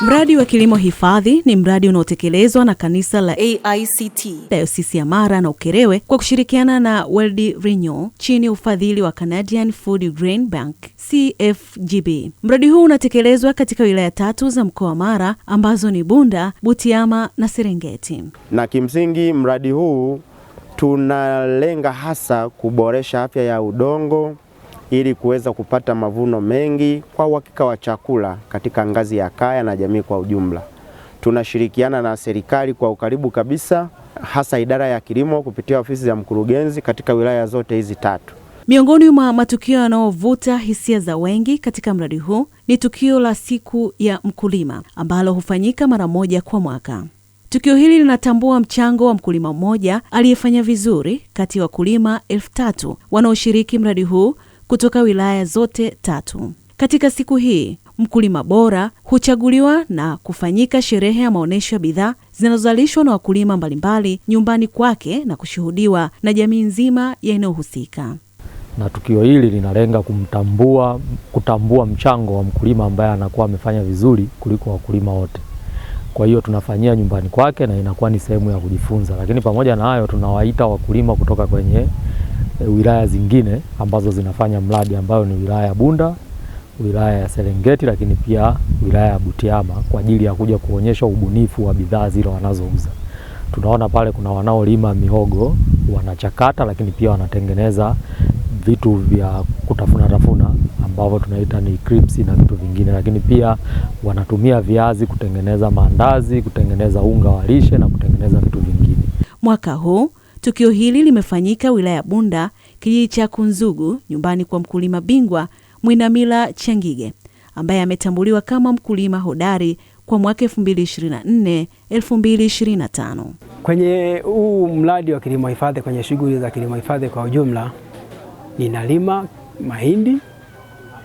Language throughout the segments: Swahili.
Mradi wa kilimo hifadhi ni mradi unaotekelezwa na kanisa la AICT dayosisi ya Mara na Ukerewe kwa kushirikiana na World Renew chini ya ufadhili wa Canadian Food Grain Bank CFGB. Mradi huu unatekelezwa katika wilaya tatu za mkoa wa Mara ambazo ni Bunda, Butiama na Serengeti. Na kimsingi mradi huu tunalenga hasa kuboresha afya ya udongo ili kuweza kupata mavuno mengi kwa uhakika wa chakula katika ngazi ya kaya na jamii kwa ujumla. Tunashirikiana na serikali kwa ukaribu kabisa, hasa idara ya kilimo kupitia ofisi ya mkurugenzi katika wilaya zote hizi tatu. Miongoni mwa matukio yanayovuta hisia za wengi katika mradi huu ni tukio la siku ya mkulima ambalo hufanyika mara moja kwa mwaka. Tukio hili linatambua mchango wa mkulima mmoja aliyefanya vizuri kati ya wakulima elfu tatu wanaoshiriki mradi huu kutoka wilaya zote tatu. Katika siku hii mkulima bora huchaguliwa na kufanyika sherehe ya maonyesho ya bidhaa zinazozalishwa na wakulima mbalimbali nyumbani kwake na kushuhudiwa na jamii nzima ya eneo husika. Na tukio hili linalenga kumtambua, kutambua mchango wa mkulima ambaye anakuwa amefanya vizuri kuliko wakulima wote. Kwa hiyo tunafanyia nyumbani kwake na inakuwa ni sehemu ya kujifunza, lakini pamoja na hayo tunawaita wakulima kutoka kwenye e, wilaya zingine ambazo zinafanya mradi ambayo ni wilaya ya Bunda, wilaya ya Serengeti, lakini pia wilaya ya Butiama kwa ajili ya kuja kuonyesha ubunifu wa bidhaa zile wanazouza. Tunaona pale kuna wanaolima mihogo wanachakata, lakini pia wanatengeneza vitu vya kutafuna tafuna ambavyo tunaita ni crisps na vitu vingine, lakini pia wanatumia viazi kutengeneza maandazi, kutengeneza unga wa lishe na kutengeneza vitu vingine. Mwaka huu Tukio hili limefanyika wilaya Bunda, kijiji cha Kunzugu, nyumbani kwa mkulima bingwa Mwinamila Changige ambaye ametambuliwa kama mkulima hodari kwa mwaka 2024 2025. Kwenye huu mradi wa kilimo hifadhi, kwenye shughuli za kilimo hifadhi kwa ujumla, ninalima mahindi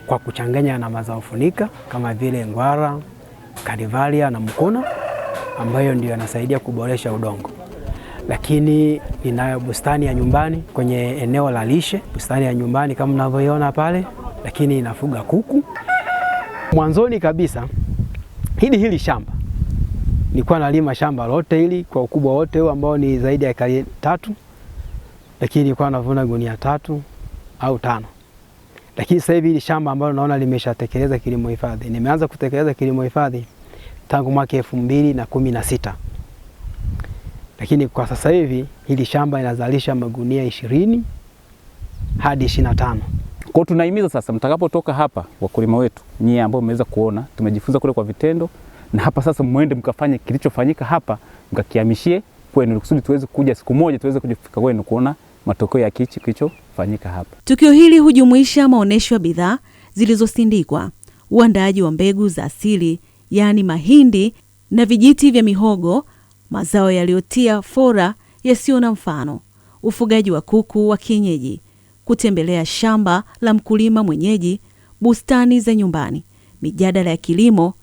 kwa kuchanganya na mazao funika kama vile ngwara, kadivalia na mkuna ambayo ndio yanasaidia kuboresha udongo lakini ninayo bustani ya nyumbani kwenye eneo la lishe, bustani ya nyumbani kama mnavyoiona pale, lakini inafuga kuku. Mwanzoni kabisa hili hili shamba nilikuwa nalima shamba lote hili kwa ukubwa wote huu ambao ni zaidi ya ekari tatu, lakini nilikuwa navuna gunia tatu au tano. Lakini sasa hivi hili shamba ambalo naona limeshatekeleza kilimo hifadhi, nimeanza kutekeleza kilimo hifadhi tangu mwaka elfu mbili na kumi na sita lakini kwa sasa hivi hili shamba linazalisha magunia ishirini hadi ishirini na tano. Kwa tunahimiza sasa, mtakapotoka hapa, wakulima wetu nyie ambao mmeweza kuona, tumejifunza kule kwa vitendo, na hapa sasa mwende mkafanye kilichofanyika hapa, mkakihamishie kwenu, kusudi tuweze kuja siku moja tuweze kujifika kwenu kuona matokeo ya kichi kilichofanyika hapa. Tukio hili hujumuisha maonyesho ya bidhaa zilizosindikwa, uandaaji wa mbegu za asili yaani mahindi na vijiti vya mihogo mazao yaliyotia fora yasiyo na mfano, ufugaji wa kuku wa kienyeji, kutembelea shamba la mkulima mwenyeji, bustani za nyumbani, mijadala ya kilimo,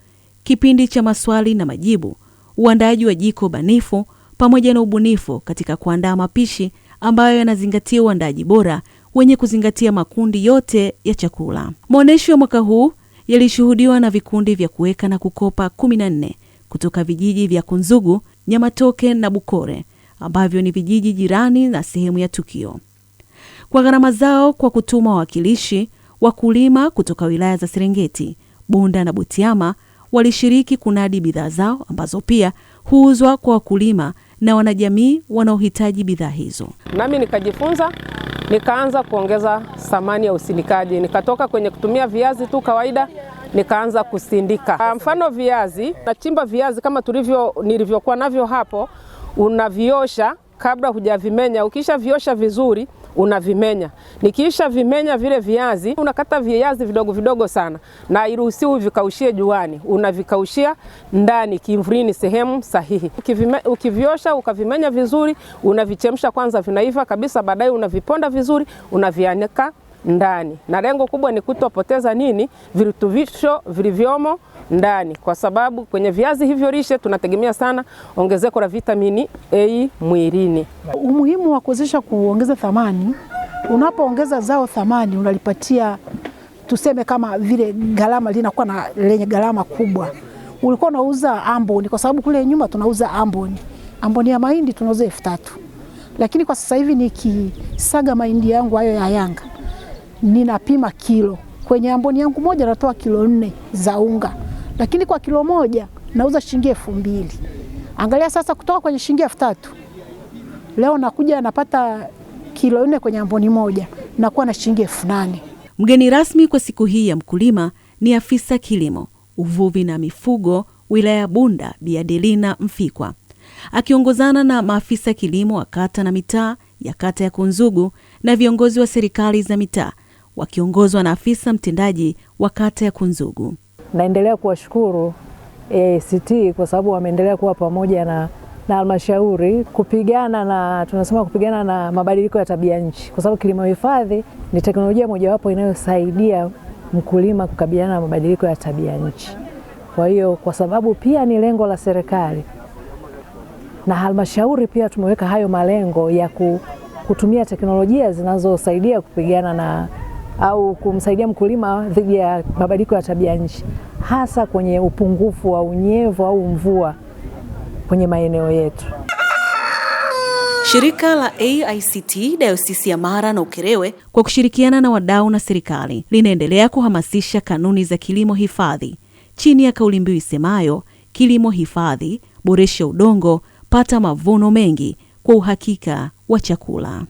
kipindi cha maswali na majibu, uandaji wa jiko banifu pamoja na ubunifu katika kuandaa mapishi ambayo yanazingatia uandaji bora wenye kuzingatia makundi yote ya chakula. Maonyesho ya mwaka huu yalishuhudiwa na vikundi vya kuweka na kukopa 14 kutoka vijiji vya Kunzugu Nyamatoke na Bukore ambavyo ni vijiji jirani na sehemu ya tukio. Kwa gharama zao kwa kutuma wawakilishi, wakulima kutoka wilaya za Serengeti, Bunda na Butiama walishiriki kunadi bidhaa zao ambazo pia huuzwa kwa wakulima na wanajamii wanaohitaji bidhaa hizo. Nami nikajifunza nikaanza kuongeza thamani ya usindikaji, nikatoka kwenye kutumia viazi tu kawaida nikaanza kusindika. Ah, mfano viazi, nachimba viazi kama tulivyo nilivyokuwa navyo hapo, unaviosha kabla hujavimenya. Ukisha viosha vizuri unavimenya. Nikiisha vimenya vile viazi, unakata viazi vidogo vidogo sana, na iruhusiwi vikaushie juani, unavikaushia ndani kimvulini, sehemu sahihi. Ukivime, ukiviosha ukavimenya vizuri, unavichemsha kwanza, vinaiva kabisa, baadaye unaviponda vizuri, unavianika ndani, na lengo kubwa ni kutopoteza nini, virutubisho vilivyomo ndani, kwa sababu kwenye viazi hivyo lishe tunategemea sana ongezeko la vitamini A mwilini. Umuhimu wa kuwezesha kuongeza thamani, unapoongeza zao thamani unalipatia tuseme kama vile gharama linakuwa na lenye gharama kubwa. Ulikuwa unauza amboni, kwa sababu kule nyuma tunauza amboni, amboni ya mahindi tunauza elfu tatu, lakini kwa sasa hivi nikisaga mahindi yangu hayo ya Yanga ninapima kilo kwenye amboni yangu moja natoa kilo nne za unga, lakini kwa kilo moja nauza shilingi elfu mbili. Angalia sasa, kutoka kwenye shilingi elfu tatu leo nakuja napata kilo nne kwenye amboni moja nakuwa na shilingi elfu nane. Mgeni rasmi kwa siku hii ya mkulima ni afisa kilimo, uvuvi na mifugo wilaya ya Bunda Bi Adelina Mfikwa akiongozana na maafisa kilimo wa kata na mitaa ya kata ya Kunzugu na viongozi wa serikali za mitaa wakiongozwa na afisa mtendaji wa kata ya Kunzugu. Naendelea kuwashukuru AICT kwa sababu wameendelea kuwa pamoja na na halmashauri kupigana na tunasema kupigana na mabadiliko ya tabia nchi, kwa sababu kilimo hifadhi ni teknolojia mojawapo inayosaidia mkulima kukabiliana na mabadiliko ya tabia nchi. Kwa hiyo kwa sababu pia ni lengo la serikali na halmashauri, pia tumeweka hayo malengo ya kutumia teknolojia zinazosaidia kupigana na au kumsaidia mkulima dhidi ya mabadiliko ya tabia nchi, hasa kwenye upungufu wa unyevu au mvua kwenye maeneo yetu. Shirika la AICT Dayosisi ya Mara na Ukerewe kwa kushirikiana na wadau na serikali linaendelea kuhamasisha kanuni za kilimo hifadhi chini ya kauli mbiu isemayo kilimo hifadhi, boresha udongo, pata mavuno mengi kwa uhakika wa chakula.